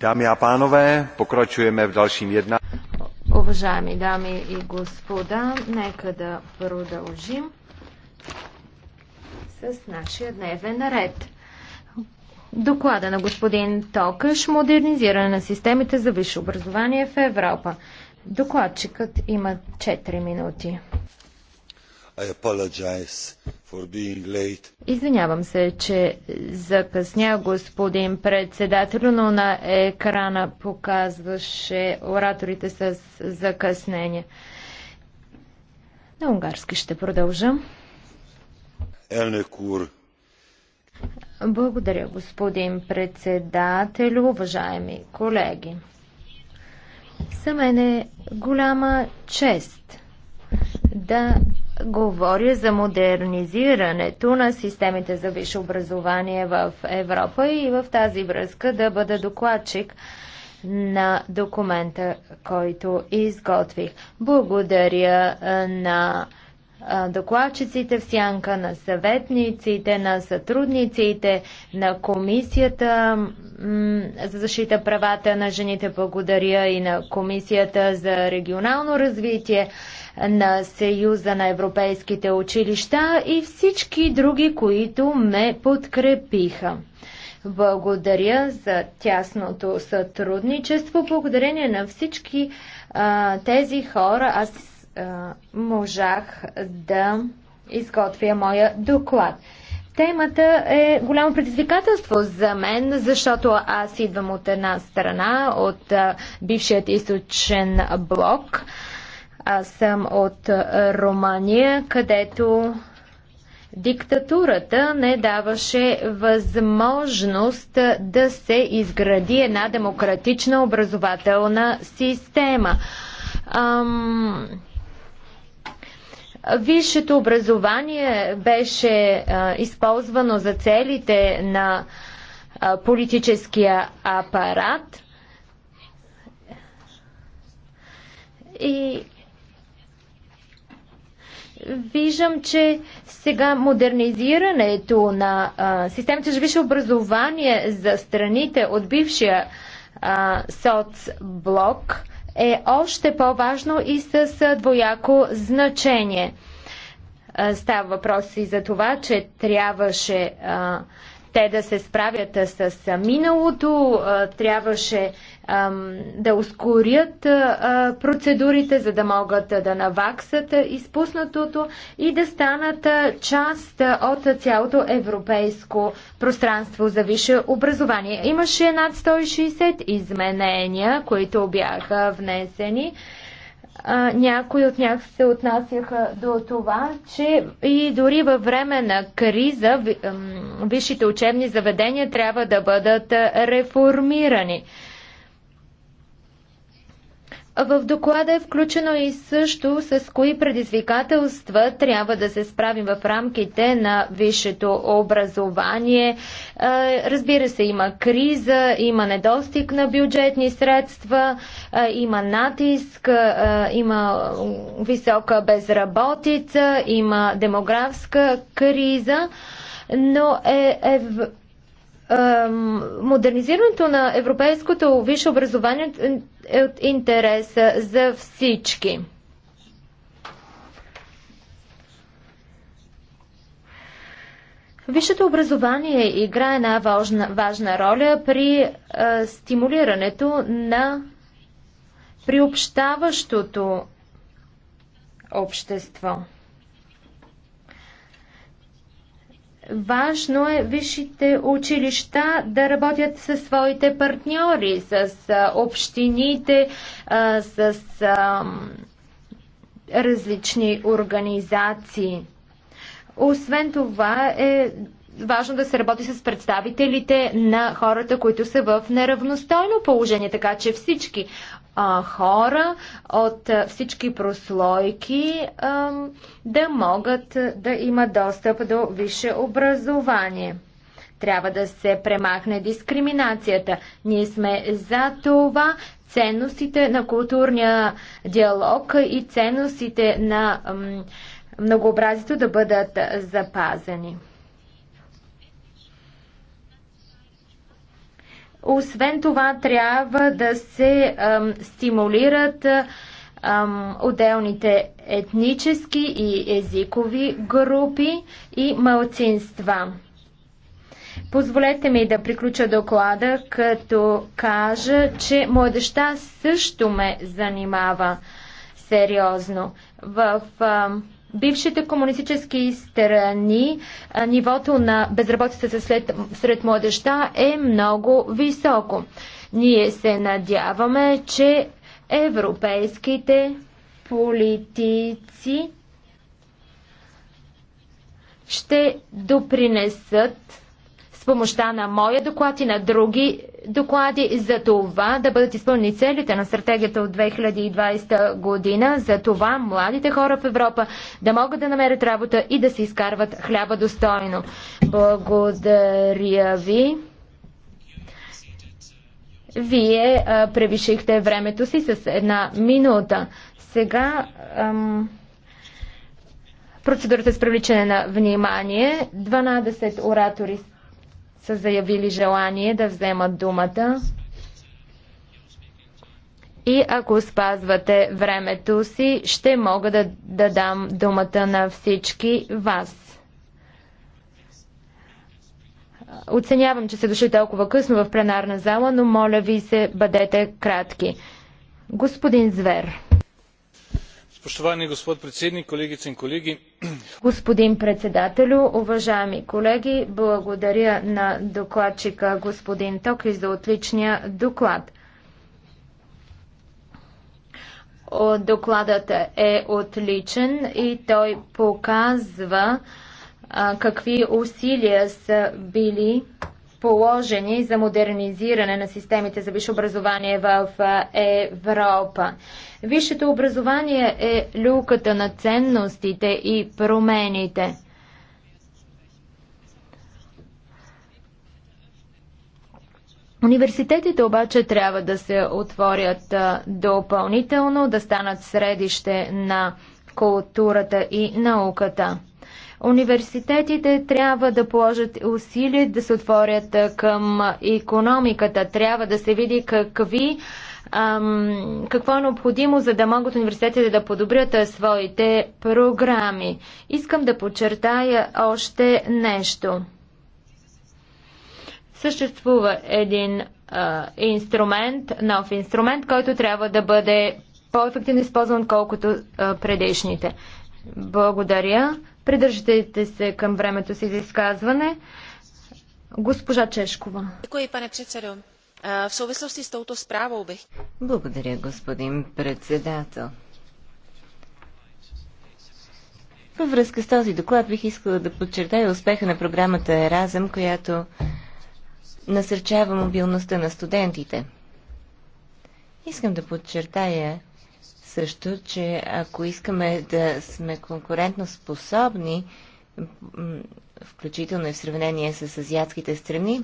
Dámy a pánové, pokračujeme v dalším jednání. Уважаеми дами и господа, нека да продължим с нашия дневен ред. Доклада на господин Токаш Модернизиране на системите за висше образование в Европа. Докладчикът има 4 минути. I apologize Извинявам се, че закъсня господин председател, но на екрана показваше ораторите с закъснение. На унгарски ще продължа. Елнекур. Благодаря, господин председател, уважаеми колеги. За мен е голяма чест да говоря за модернизирането на системите за висше образование в Европа и в тази връзка да бъда докладчик на документа, който изготвих. Благодаря на докладчиците в сянка, на съветниците, на сътрудниците, на комисията за защита правата на жените. Благодаря и на комисията за регионално развитие на Съюза на европейските училища и всички други, които ме подкрепиха. Благодаря за тясното сътрудничество. Благодарение на всички а, тези хора аз а, можах да изготвя моя доклад. Темата е голямо предизвикателство за мен, защото аз идвам от една страна, от а, бившият източен блок. А, аз съм от е, Романия, където диктатурата не даваше възможност е, да се изгради една демократична образователна система. Ам... Висшето образование беше а, е, използвано за целите на а, политическия апарат и Виждам, че сега модернизирането на а, системата за висше образование за страните от бившия а, соцблок е още по-важно и с двояко значение. А, става въпрос и за това, че трябваше а, те да се справят с миналото, трябваше да ускорят процедурите, за да могат да наваксат изпуснатото и да станат част от цялото европейско пространство за висше образование. Имаше над 160 изменения, които бяха внесени някои от тях се отнасяха до това, че и дори във време на криза висшите учебни заведения трябва да бъдат реформирани. В доклада е включено и също с кои предизвикателства трябва да се справим в рамките на висшето образование. Е, разбира се, има криза, има недостиг на бюджетни средства, е, има натиск, е, има висока безработица, има демографска криза, но е, е модернизирането на европейското висше образование е от интереса за всички. Висшето образование играе една важна, важна роля при а, е, стимулирането на приобщаващото общество. Важно е висшите училища да работят със своите партньори, с общините, с различни организации. Освен това е важно да се работи с представителите на хората, които са в неравностойно положение, така че всички а, хора от всички прослойки а, да могат да имат достъп до висше образование. Трябва да се премахне дискриминацията. Ние сме за това ценностите на културния диалог и ценностите на многообразието да бъдат запазени. Освен това, трябва да се ам, стимулират ам, отделните етнически и езикови групи и малцинства. Позволете ми да приключа доклада, като кажа, че младеща също ме занимава сериозно. В ам, бившите комунистически страни нивото на безработицата след, сред младеща е много високо. Ние се надяваме, че европейските политици ще допринесат с помощта на моя доклад и на други доклади за това да бъдат изпълнени целите на стратегията от 2020 година, за това младите хора в Европа да могат да намерят работа и да се изкарват хляба достойно. Благодаря ви. Вие а, превишихте времето си с една минута. Сега ам, процедурата с привличане на внимание. 12 оратори са заявили желание да вземат думата. И ако спазвате времето си, ще мога да, да дам думата на всички вас. Оценявам, че се дошли толкова късно в пленарна зала, но моля ви се, бъдете кратки. Господин Звер. Spoštovani господ председник, колегици и колеги, Господин председателю, уважаеми колеги, благодаря на докладчика господин Токи за отличния доклад. Докладът е отличен и той показва какви усилия са били положени за модернизиране на системите за висше образование в Европа. Висшето образование е люката на ценностите и промените. Университетите обаче трябва да се отворят допълнително, да станат средище на културата и науката. Университетите трябва да положат усилия да се отворят към економиката. Трябва да се види какви какво е необходимо, за да могат университетите да подобрят своите програми. Искам да подчертая още нещо. Съществува един а, инструмент, нов инструмент, който трябва да бъде по-ефективно използван, колкото а, предишните. Благодаря. Придържайте се към времето си за изказване. Госпожа Чешкова. Кой, пане председател? В souvislosti с touto справа обех. Благодаря, господин председател. Във връзка с този доклад бих искала да подчертая успеха на програмата Еразъм, която насърчава мобилността на студентите. Искам да подчертая, също, че ако искаме да сме конкурентно способни, включително и в сравнение с азиатските страни,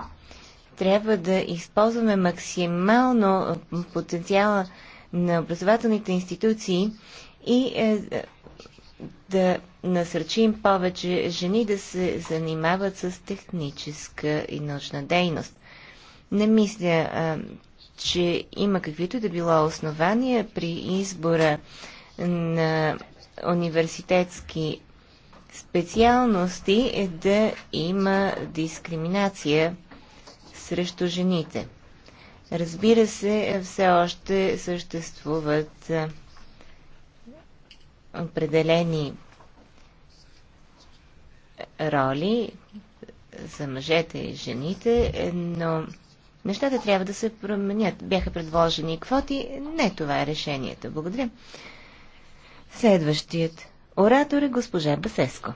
трябва да използваме максимално потенциала на образователните институции и е, е, да насърчим повече жени да се занимават с техническа и научна дейност. Не мисля, че има каквито да било основания при избора на университетски специалности е да има дискриминация срещу жените. Разбира се, все още съществуват определени роли за мъжете и жените, но Нещата трябва да се променят. Бяха предложени квоти. Не това е решението. Благодаря. Следващият оратор е госпожа Басеско.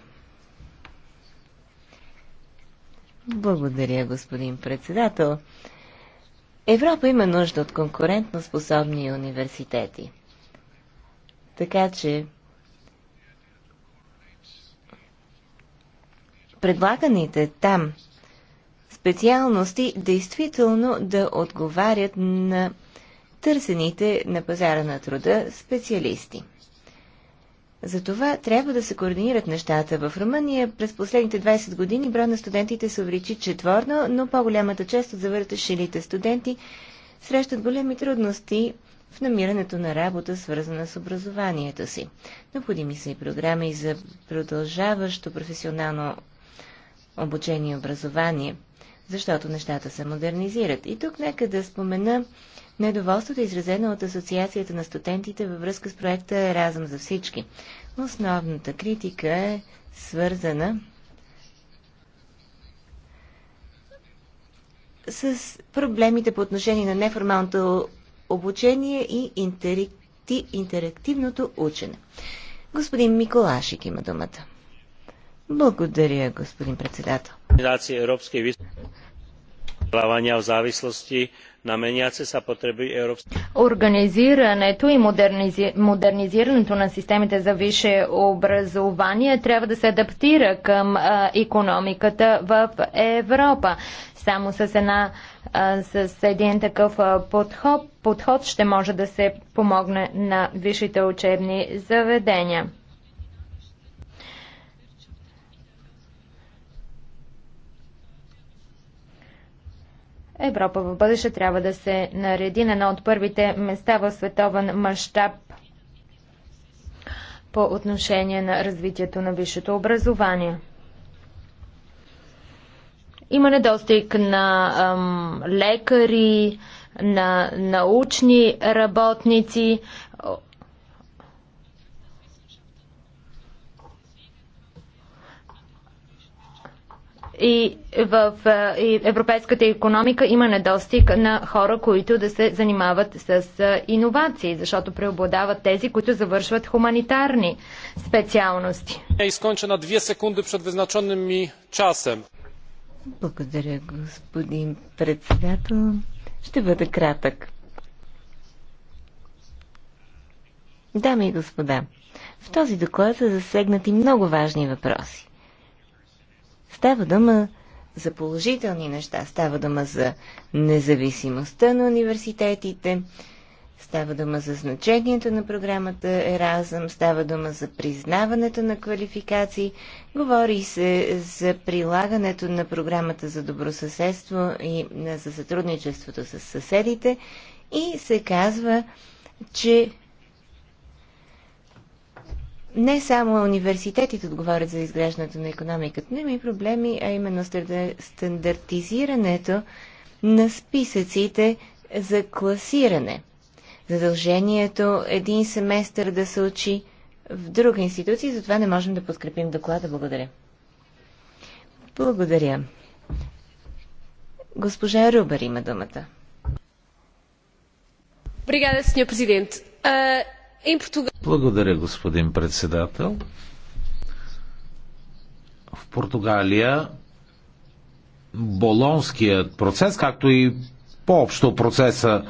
Благодаря, господин председател. Европа има нужда от конкурентно способни университети. Така че предлаганите там специалности действително да отговарят на търсените на пазара на труда специалисти. Затова трябва да се координират нещата. В Румъния през последните 20 години брой на студентите се увеличи четворно, но по-голямата част от завърташилите студенти срещат големи трудности в намирането на работа, свързана с образованието си. Необходими са и програми за продължаващо професионално обучение и образование – защото нещата се модернизират. И тук нека да спомена недоволството, изразено от Асоциацията на студентите във връзка с проекта Разъм за всички. Основната критика е свързана с проблемите по отношение на неформалното обучение и интерактивното учене. Господин Миколашик има думата. Благодаря, господин председател. Организирането и модернизи... модернизирането на системите за висше образование трябва да се адаптира към а, економиката в Европа. Само с, една, а, с един такъв подход, подход ще може да се помогне на висшите учебни заведения. Европа в бъдеще трябва да се нареди на едно от първите места в световен мащаб по отношение на развитието на висшето образование. Има недостиг на ам, лекари, на научни работници. и в европейската економика има недостиг на хора, които да се занимават с иновации, защото преобладават тези, които завършват хуманитарни специалности. е изкончена на две секунди пред визначеним ми часем. Благодаря, господин председател. Ще бъда кратък. Дами и господа, в този доклад са засегнати много важни въпроси. Става дума за положителни неща. Става дума за независимостта на университетите, става дума за значението на програмата Еразъм, става дума за признаването на квалификации, говори се за прилагането на програмата за добросъседство и за сътрудничеството с съседите и се казва, че не само университетите отговарят за изграждането на економиката, но има и проблеми, а именно стандартизирането на списъците за класиране. Задължението един семестър да се учи в друга институция, затова не можем да подкрепим доклада. Благодаря. Благодаря. Госпожа Рубер има думата. Obrigada, Sr. Presidente. Uh, благодаря, господин председател. В Португалия болонският процес, както и по-общо процеса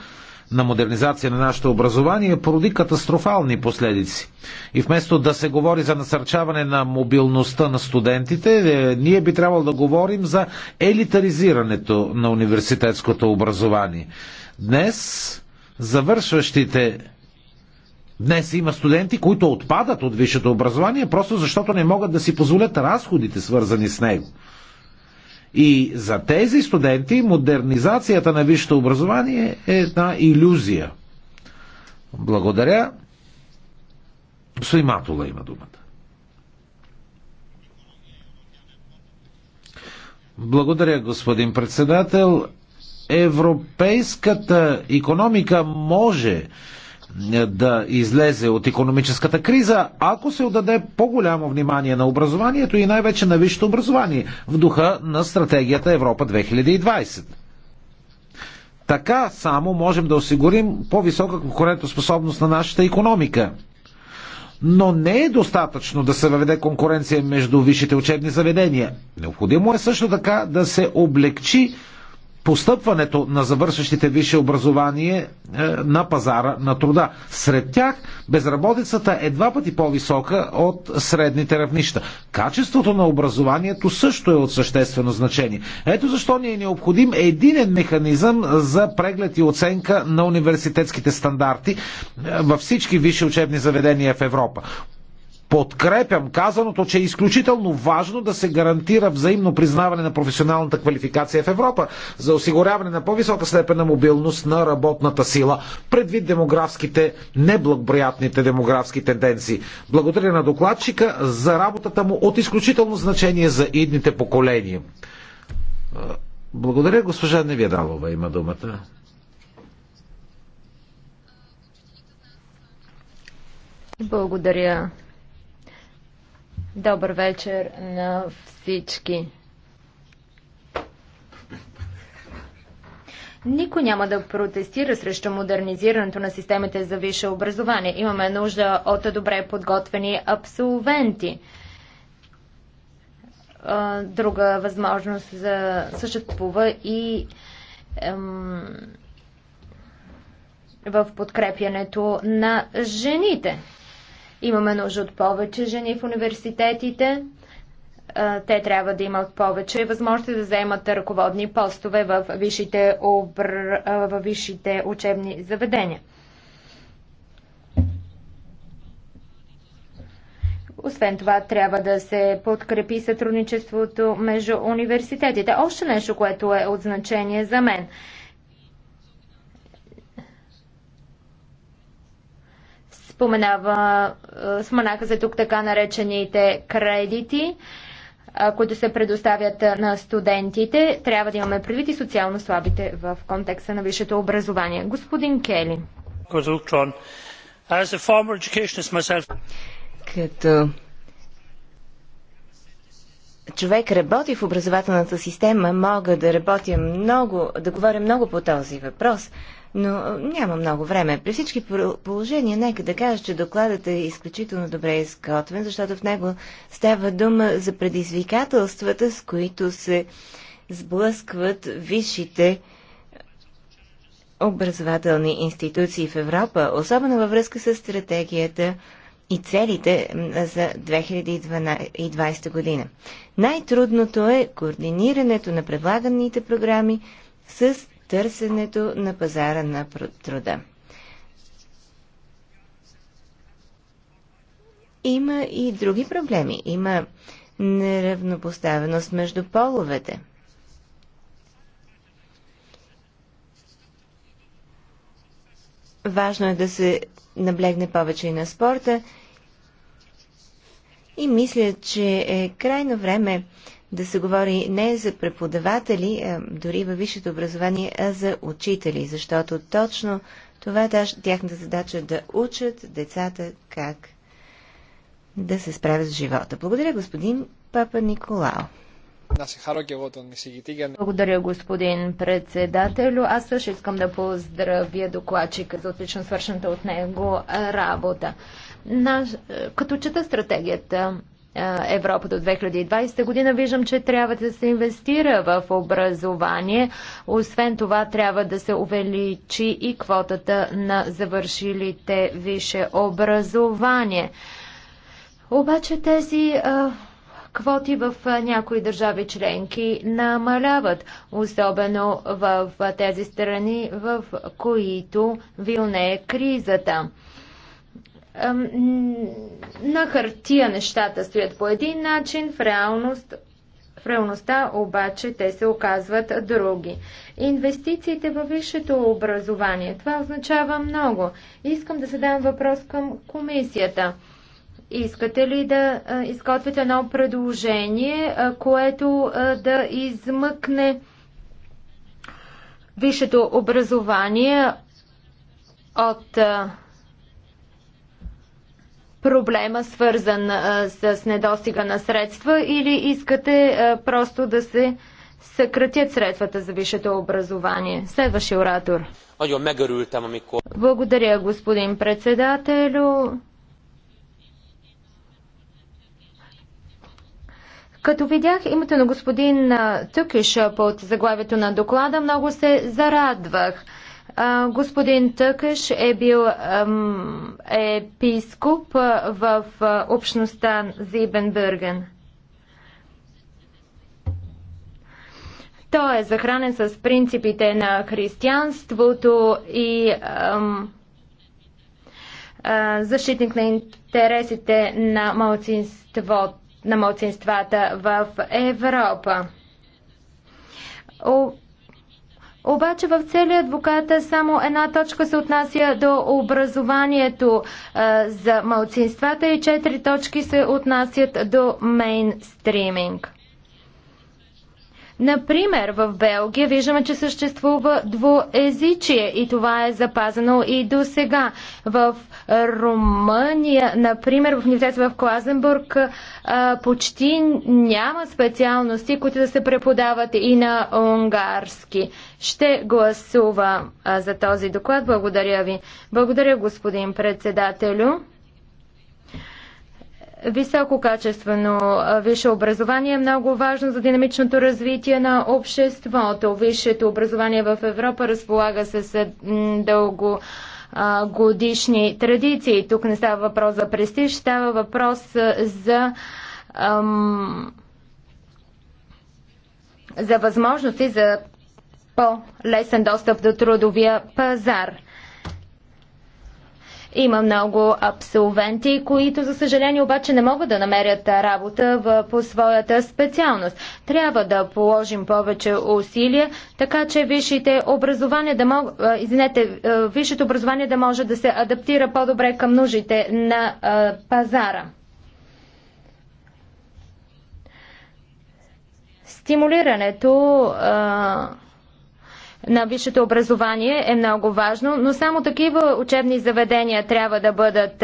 на модернизация на нашето образование породи катастрофални последици. И вместо да се говори за насърчаване на мобилността на студентите, е, ние би трябвало да говорим за елитаризирането на университетското образование. Днес завършващите Днес има студенти, които отпадат от висшето образование, просто защото не могат да си позволят разходите, свързани с него. И за тези студенти модернизацията на висшето образование е една иллюзия. Благодаря. Суиматола има думата. Благодаря, господин председател. Европейската економика може да излезе от економическата криза, ако се отдаде по-голямо внимание на образованието и най-вече на висшето образование в духа на стратегията Европа 2020. Така само можем да осигурим по-висока конкурентоспособност на нашата економика. Но не е достатъчно да се въведе конкуренция между висшите учебни заведения. Необходимо е също така да се облегчи постъпването на завършващите висше образование е, на пазара на труда. Сред тях безработицата е два пъти по-висока от средните равнища. Качеството на образованието също е от съществено значение. Ето защо ни е необходим единен механизъм за преглед и оценка на университетските стандарти е, във всички висши учебни заведения в Европа подкрепям казаното, че е изключително важно да се гарантира взаимно признаване на професионалната квалификация в Европа за осигуряване на по-висока степен на мобилност на работната сила, предвид демографските, неблагоприятните демографски тенденции. Благодаря на докладчика за работата му от изключително значение за идните поколения. Благодаря, госпожа Невядалова има думата. Благодаря, Добър вечер на всички. Никой няма да протестира срещу модернизирането на системите за висше образование. Имаме нужда от добре подготвени абсолвенти. Друга възможност за съществува и ем, в подкрепянето на жените. Имаме нужда от повече жени в университетите. Те трябва да имат повече възможности да вземат ръководни постове в висшите, обр... в висшите учебни заведения. Освен това, трябва да се подкрепи сътрудничеството между университетите. Още нещо, което е от значение за мен – Споменава, споменаха за тук така наречените кредити, които се предоставят на студентите. Трябва да имаме предвид и социално слабите в контекста на висшето образование. Господин Кели. Като човек работи в образователната система, мога да работя много, да говоря много по този въпрос, но няма много време. При всички положения, нека да кажа, че докладът е изключително добре изготвен, защото в него става дума за предизвикателствата, с които се сблъскват висшите образователни институции в Европа, особено във връзка с стратегията и целите за 2020 година. Най-трудното е координирането на предлаганите програми с търсенето на пазара на труда. Има и други проблеми. Има неравнопоставеност между половете. Важно е да се наблегне повече и на спорта и мисля, че е крайно време да се говори не за преподаватели, а дори във висшето образование, а за учители, защото точно това е тяхната задача е да учат децата как да се справят с живота. Благодаря, господин Папа Николао. Благодаря, господин председателю. Аз също искам да поздравя докладчика за отлично свършената от него работа. Наш, като чета стратегията Европа до 2020 година, виждам, че трябва да се инвестира в образование. Освен това, трябва да се увеличи и квотата на завършилите висше образование. Обаче тези а, квоти в някои държави членки намаляват, особено в тези страни, в които вилне е кризата. На хартия нещата стоят по един начин, в реалност в реалността обаче те се оказват други. Инвестициите във висшето образование. Това означава много. Искам да задам въпрос към комисията. Искате ли да изготвите едно предложение, което да измъкне висшето образование от проблема, свързан с недостига на средства, или искате просто да се съкратят средствата за висшето образование? Следващи оратор. Благодаря, господин председателю. Като видях името на господин Тъкиш под заглавието на доклада, много се зарадвах. Господин Тъкъш е бил епископ в общността Зибенбърген. Той е захранен с принципите на християнството и защитник на интересите на малцинството на младсинствата в Европа. обаче в целия адвоката само една точка се отнася до образованието а, за мълцинствата и четири точки се отнасят до мейнстриминг. Например, в Белгия виждаме, че съществува двоезичие и това е запазено и до сега. В Румъния, например, в университета в Клазенбург почти няма специалности, които да се преподават и на унгарски. Ще гласува за този доклад. Благодаря ви. Благодаря, господин председателю. Висококачествено висше образование е много важно за динамичното развитие на обществото. Висшето образование в Европа разполага с дълго годишни традиции. Тук не става въпрос за престиж, става въпрос за ам, за възможности за по-лесен достъп до трудовия пазар. Има много абсолвенти, които за съжаление обаче не могат да намерят работа в, по своята специалност. Трябва да положим повече усилия, така че висшите образование да мог, извинете, висшето образование да може да се адаптира по-добре към нуждите на а, пазара. Стимулирането а, на висшето образование е много важно, но само такива учебни заведения трябва да бъдат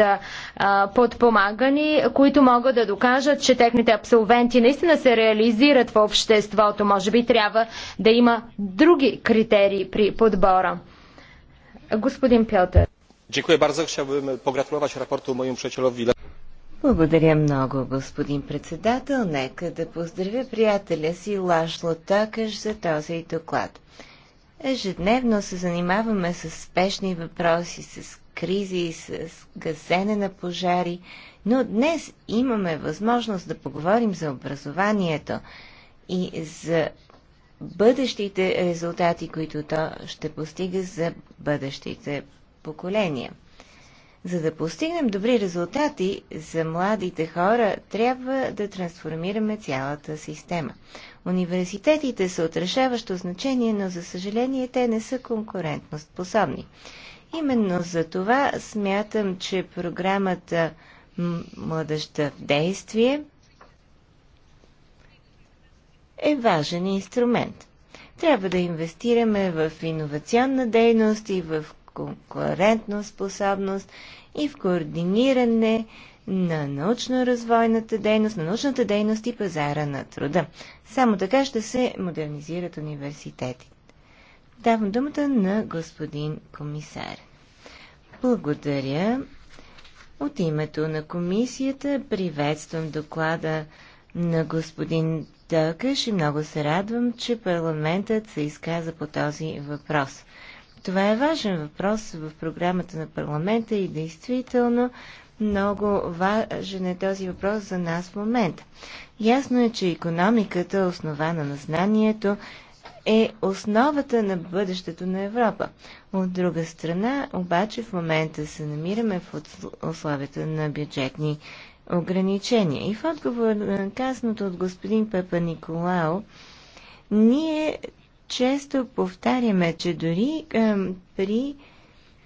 а, подпомагани, които могат да докажат, че техните абсолвенти наистина се реализират в обществото. Може би трябва да има други критерии при подбора. Господин Пьотър. Dziękuję bardzo. Chciałbym pogratulować raportu mojemu przyjacielowi. Благодаря много, господин председател. Нека да поздравя приятеля си Лашло Такаш за този доклад. Ежедневно се занимаваме с спешни въпроси, с кризи, с гасене на пожари, но днес имаме възможност да поговорим за образованието и за бъдещите резултати, които то ще постига за бъдещите поколения. За да постигнем добри резултати за младите хора, трябва да трансформираме цялата система. Университетите са отрешаващо значение, но за съжаление те не са конкурентно способни. Именно за това смятам, че програмата Младъжта в действие е важен инструмент. Трябва да инвестираме в иновационна дейност и в конкурентна способност и в координиране на научно-развойната дейност, на научната дейност и пазара на труда. Само така ще се модернизират университетите. Давам думата на господин комисар. Благодаря. От името на комисията приветствам доклада на господин Дълкаш и много се радвам, че парламентът се изказа по този въпрос. Това е важен въпрос в програмата на парламента и действително много важен е този въпрос за нас в момента. Ясно е, че економиката, основана на знанието, е основата на бъдещето на Европа. От друга страна, обаче в момента се намираме в условията на бюджетни ограничения. И в отговор на казаното от господин Пепа Николао, ние често повтаряме, че дори при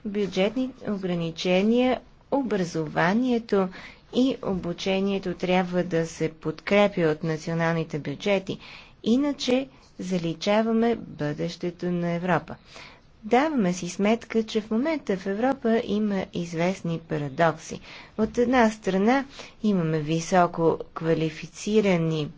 бюджетни ограничения образованието и обучението трябва да се подкрепи от националните бюджети. Иначе заличаваме бъдещето на Европа. Даваме си сметка, че в момента в Европа има известни парадокси. От една страна имаме високо квалифицирани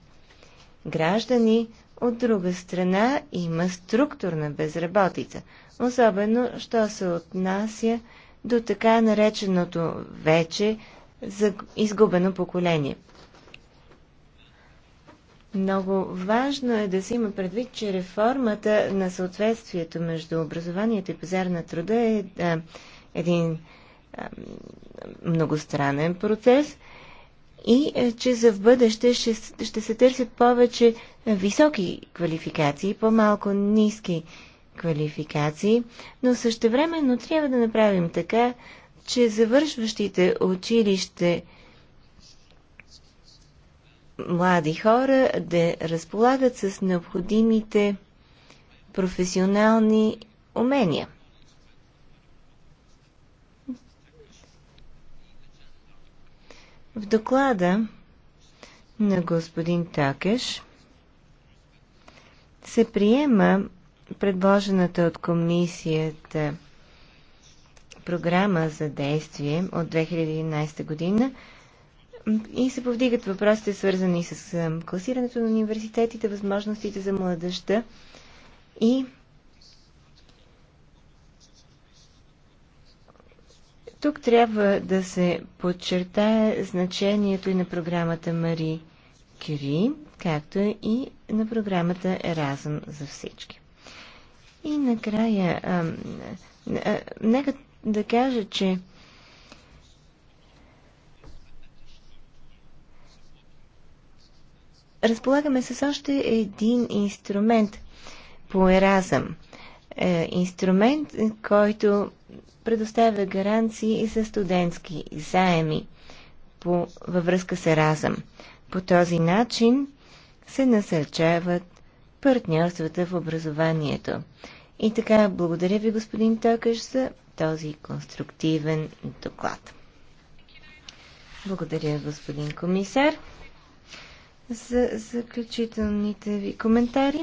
граждани, от друга страна има структурна безработица, особено що се отнася до така нареченото вече за изгубено поколение. Много важно е да се има предвид, че реформата на съответствието между образованието и пазар на труда е да, един а, многостранен процес и а, че за в бъдеще ще, ще се търсят повече високи квалификации, по-малко ниски квалификации, но същевременно трябва да направим така, че завършващите училище млади хора да разполагат с необходимите професионални умения. В доклада на господин Такеш се приема предложената от комисията програма за действие от 2011 година и се повдигат въпросите, свързани с класирането на университетите, възможностите за младежта и Тук трябва да се подчертае значението и на програмата Мари Кюри, както и на програмата Еразъм за всички. И накрая, а, а, нека да кажа, че разполагаме с още един инструмент по еразъм. Е, инструмент, който предоставя гаранции за студентски заеми по, във връзка с еразъм. По този начин се насърчават партньорствата в образованието. И така, благодаря ви, господин Токаш, за този конструктивен доклад. Благодаря, господин комисар, за заключителните ви коментари.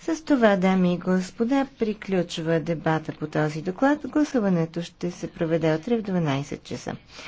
С това, дами и господа, приключва дебата по този доклад. Гласуването ще се проведе утре в 12 часа.